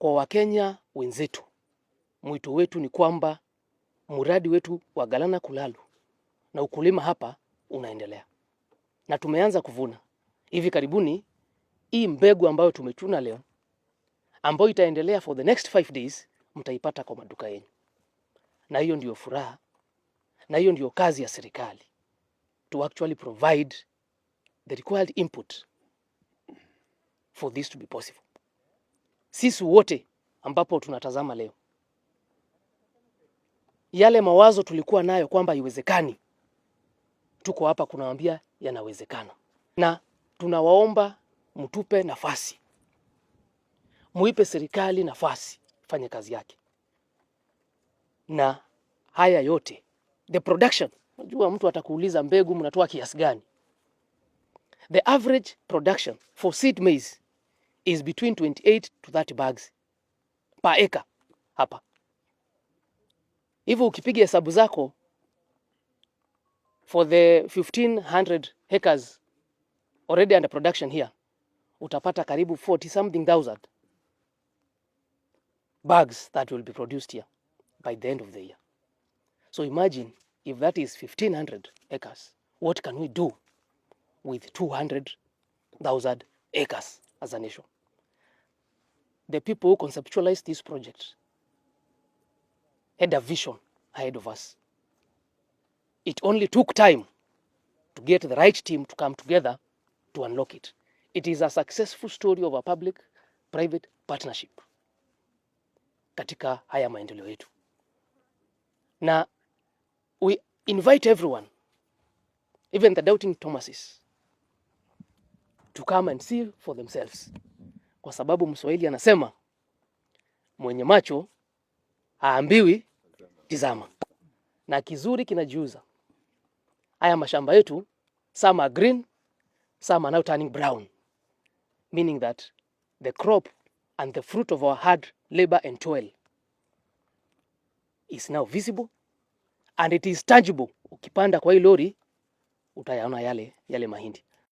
Kwa Wakenya wenzetu, mwito wetu ni kwamba mradi wetu wa Galana Kulalu na ukulima hapa unaendelea na tumeanza kuvuna hivi karibuni. Hii mbegu ambayo tumechuna leo ambayo itaendelea for the next 5 days mtaipata kwa maduka yenu, na hiyo ndiyo furaha na hiyo ndiyo kazi ya serikali to actually provide the required input for this to be possible sisi wote ambapo tunatazama leo, yale mawazo tulikuwa nayo kwamba iwezekani tuko hapa kunaambia yanawezekana, na tunawaomba mtupe nafasi, muipe serikali nafasi fanye kazi yake, na haya yote the production. Unajua, mtu atakuuliza mbegu mnatoa kiasi gani? The average production for seed maize is between 28 to 30 bags per acre hapa. Hivyo ukipiga hesabu zako for the 1500 hectares already under production here utapata karibu 40 something thousand bags that will be produced here by the end of the year. So imagine if that is 1500 acres, what can we do with 200,000 acres? as a nation. The people who conceptualized this project had a vision ahead of us. It only took time to get the right team to come together to unlock it. It is a successful story of a public private partnership katika haya maendeleo yetu, na we invite everyone even the doubting Thomases to come and see for themselves, kwa sababu Mswahili anasema mwenye macho aambiwi tizama, na kizuri kinajiuza. Haya mashamba yetu some are green, some are now turning brown, meaning that the crop and the fruit of our hard labor and toil is now visible and it is tangible. Ukipanda kwa hii lori utayaona yale, yale mahindi.